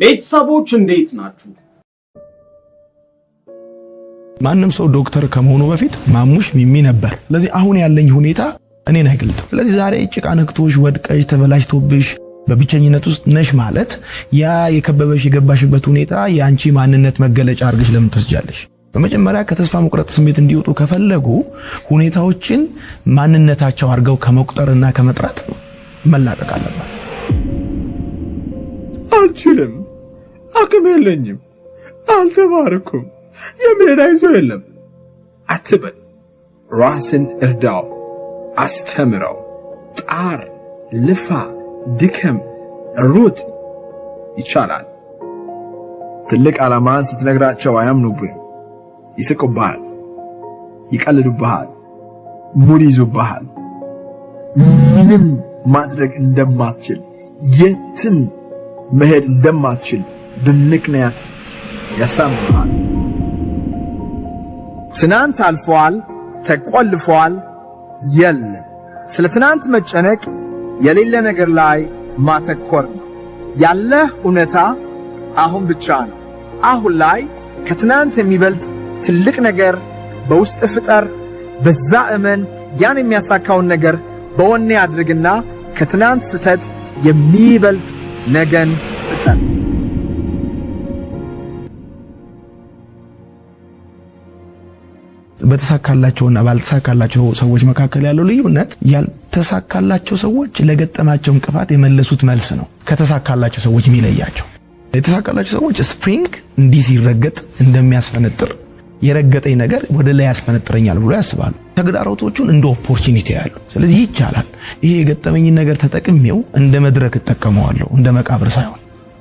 ቤተሰቦች እንዴት ናችሁ? ማንም ሰው ዶክተር ከመሆኑ በፊት ማሙሽ ሚሚ ነበር። ስለዚህ አሁን ያለኝ ሁኔታ እኔን አይገልጥም። ስለዚህ ዛሬ ጭቃ ነክቶሽ፣ ወድቀሽ፣ ተበላሽቶብሽ በብቸኝነት ውስጥ ነሽ ማለት ያ የከበበሽ የገባሽበት ሁኔታ የአንቺ ማንነት መገለጫ አድርገሽ ለምን ትወስጃለሽ? በመጀመሪያ ከተስፋ መቁረጥ ስሜት እንዲወጡ ከፈለጉ ሁኔታዎችን ማንነታቸው አድርገው ከመቁጠርና ከመጥራት መላቀቅ አለባት። አልችልም አቅም የለኝም፣ አልተማርኩም፣ የሜዳ ይዞ የለም አትበል። ራስን እርዳው፣ አስተምረው፣ ጣር፣ ልፋ፣ ድከም፣ ሩጥ። ይቻላል። ትልቅ ዓላማ ስትነግራቸው አያምኑብህም። ይስቁብሃል፣ ይቀልዱብሃል፣ ሙድ ይዙብሃል። ምንም ማድረግ እንደማትችል የትም መሄድ እንደማትችል በምክንያት ያሳምሃል። ትናንት አልፏል ተቆልፏል የለም። ስለ ትናንት መጨነቅ የሌለ ነገር ላይ ማተኮር ነው። ያለህ እውነታ አሁን ብቻ ነው። አሁን ላይ ከትናንት የሚበልጥ ትልቅ ነገር በውስጥ ፍጠር። በዛ እመን። ያን የሚያሳካውን ነገር በወኔ አድርግና ከትናንት ስህተት የሚበልጥ ነገን ፍጠር። በተሳካላቸውና ባልተሳካላቸው ሰዎች መካከል ያለው ልዩነት ያልተሳካላቸው ሰዎች ለገጠማቸው እንቅፋት የመለሱት መልስ ነው ከተሳካላቸው ሰዎች የሚለያቸው። የተሳካላቸው ሰዎች ስፕሪንግ እንዲህ ሲረገጥ እንደሚያስፈነጥር የረገጠኝ ነገር ወደ ላይ ያስፈነጥረኛል ብሎ ያስባሉ። ተግዳሮቶቹን እንደ ኦፖርቹኒቲ ያሉ። ስለዚህ ይቻላል፣ ይሄ የገጠመኝን ነገር ተጠቅሜው እንደ መድረክ እጠቀመዋለሁ እንደ መቃብር ሳይሆን።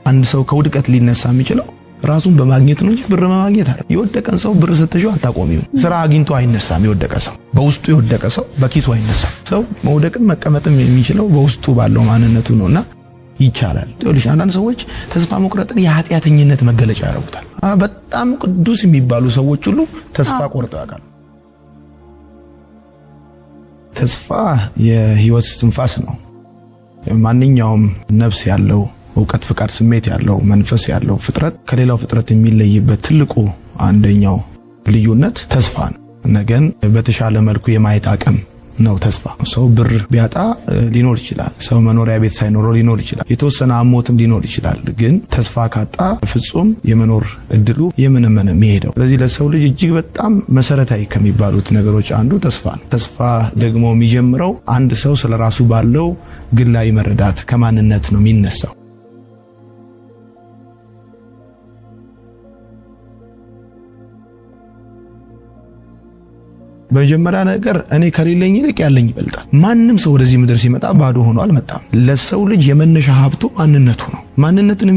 አንድ ሰው ከውድቀት ሊነሳ የሚችለው ራሱን በማግኘት ነው እንጂ ብር በማግኘት አይደለም። የወደቀን ሰው ብር ስትሹ አታቆሚው። ስራ አግኝቶ አይነሳም። የወደቀ ሰው በውስጡ የወደቀ ሰው በኪሱ አይነሳም። ሰው መውደቅም መቀመጥም የሚችለው በውስጡ ባለው ማንነቱ ነውና ይቻላል። ልጅ አንዳንድ ሰዎች ተስፋ መቁረጥን የኃጢአተኝነት መገለጫ ያደርጉታል። በጣም ቅዱስ የሚባሉ ሰዎች ሁሉ ተስፋ ቆርጠው ያውቃሉ። ተስፋ የህይወት ትንፋስ ነው። ማንኛውም ነፍስ ያለው እውቀት፣ ፍቃድ፣ ስሜት ያለው መንፈስ ያለው ፍጥረት ከሌላው ፍጥረት የሚለይበት ትልቁ አንደኛው ልዩነት ተስፋ ነው። ነገን በተሻለ መልኩ የማየት አቅም ነው ተስፋ። ሰው ብር ቢያጣ ሊኖር ይችላል። ሰው መኖሪያ ቤት ሳይኖረው ሊኖር ይችላል። የተወሰነ አሞትም ሊኖር ይችላል። ግን ተስፋ ካጣ ፍጹም የመኖር እድሉ የምንመነ የሚሄደው። ስለዚህ ለሰው ልጅ እጅግ በጣም መሰረታዊ ከሚባሉት ነገሮች አንዱ ተስፋ ነው። ተስፋ ደግሞ የሚጀምረው አንድ ሰው ስለ ራሱ ባለው ግላዊ መረዳት ከማንነት ነው የሚነሳው። በመጀመሪያ ነገር እኔ ከሌለኝ ይልቅ ያለኝ ይበልጣል። ማንም ሰው ወደዚህ ምድር ሲመጣ ባዶ ሆኖ አልመጣም። ለሰው ልጅ የመነሻ ሀብቱ ማንነቱ ነው። ማንነትን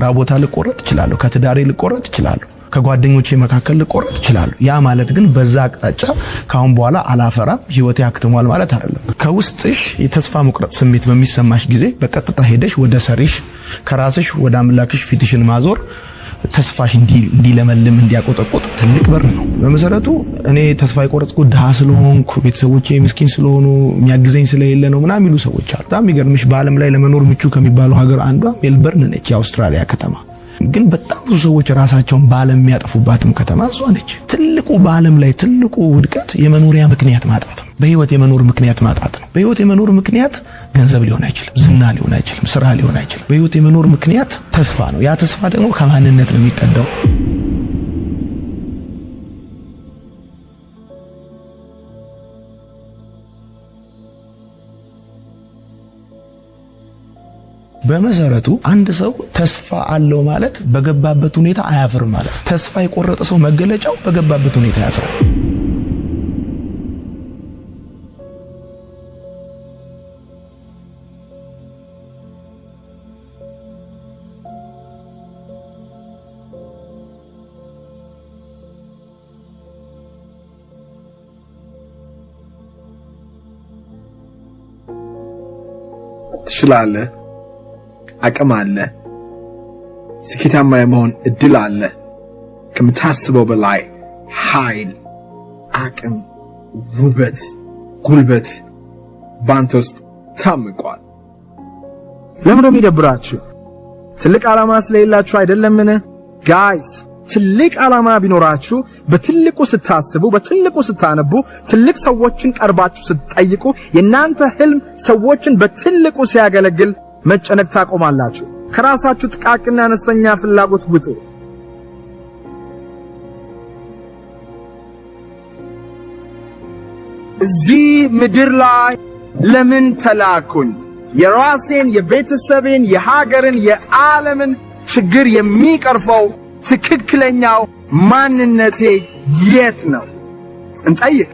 ስራ ቦታ ልቆረጥ እችላለሁ፣ ከትዳሬ ልቆረጥ እችላለሁ፣ ከጓደኞቼ መካከል ልቆረጥ እችላለሁ። ያ ማለት ግን በዛ አቅጣጫ ካሁን በኋላ አላፈራም፣ ህይወቴ አክትሟል ማለት አይደለም። ከውስጥሽ የተስፋ መቁረጥ ስሜት በሚሰማሽ ጊዜ በቀጥታ ሄደሽ ወደ ሰሪሽ፣ ከራስሽ ወደ አምላክሽ ፊትሽን ማዞር ተስፋሽ እንዲለመልም እንዲያቆጠቆጥ ትልቅ በር ነው። በመሰረቱ እኔ ተስፋ የቆረጥኩ ድሃ ስለሆንኩ ቤተሰቦቼ ምስኪን ስለሆኑ የሚያግዘኝ ስለሌለ ነው ምናምን የሚሉ ሰዎች አሉ። በጣም የሚገርምሽ በዓለም ላይ ለመኖር ምቹ ከሚባሉ ሀገር አንዷ ሜልበርን ነች፣ የአውስትራሊያ ከተማ። ግን በጣም ብዙ ሰዎች ራሳቸውን በዓለም የሚያጠፉባትም ከተማ እሷ ነች። ትልቁ በዓለም ላይ ትልቁ ውድቀት የመኖሪያ ምክንያት ማጣት ነው። በህይወት የመኖር ምክንያት ማጣት ነው። በህይወት የመኖር ምክንያት ገንዘብ ሊሆን አይችልም፣ ዝና ሊሆን አይችልም፣ ስራ ሊሆን አይችልም። በህይወት የመኖር ምክንያት ተስፋ ነው። ያ ተስፋ ደግሞ ከማንነት ነው የሚቀዳው። በመሰረቱ አንድ ሰው ተስፋ አለው ማለት በገባበት ሁኔታ አያፍርም ማለት። ተስፋ የቆረጠ ሰው መገለጫው በገባበት ሁኔታ ያፍራል። ትችላለህ፣ አቅም አለ፣ ስኬታማ የመሆን እድል አለ። ከምታስበው በላይ ኃይል፣ አቅም፣ ውበት፣ ጉልበት ባንተ ውስጥ ታምቋል። ለምን ነው የሚደብራችሁ? ትልቅ ዓላማ ስለሌላችሁ አይደለምን? ጋይስ ትልቅ ዓላማ ቢኖራችሁ በትልቁ ስታስቡ፣ በትልቁ ስታነቡ፣ ትልቅ ሰዎችን ቀርባችሁ ስትጠይቁ፣ የእናንተ ህልም ሰዎችን በትልቁ ሲያገለግል መጨነቅ ታቆማላችሁ። ከራሳችሁ ጥቃቅና አነስተኛ ፍላጎት ውጡ። እዚህ ምድር ላይ ለምን ተላኩኝ? የራሴን፣ የቤተሰቤን፣ የሀገርን፣ የዓለምን ችግር የሚቀርፈው ትክክለኛው ማንነቴ የት ነው? እንጠይቅ፣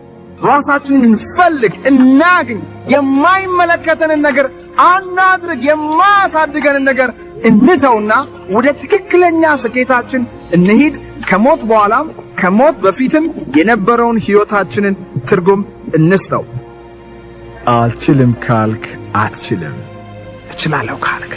ራሳችንን እንፈልግ፣ እናግኝ። የማይመለከተንን ነገር አናድርግ፣ የማያሳድገንን ነገር እንተውና ወደ ትክክለኛ ስኬታችን እንሂድ። ከሞት በኋላም ከሞት በፊትም የነበረውን ሕይወታችንን ትርጉም እንስተው። አልችልም ካልክ አትችልም፣ እችላለሁ ካልክ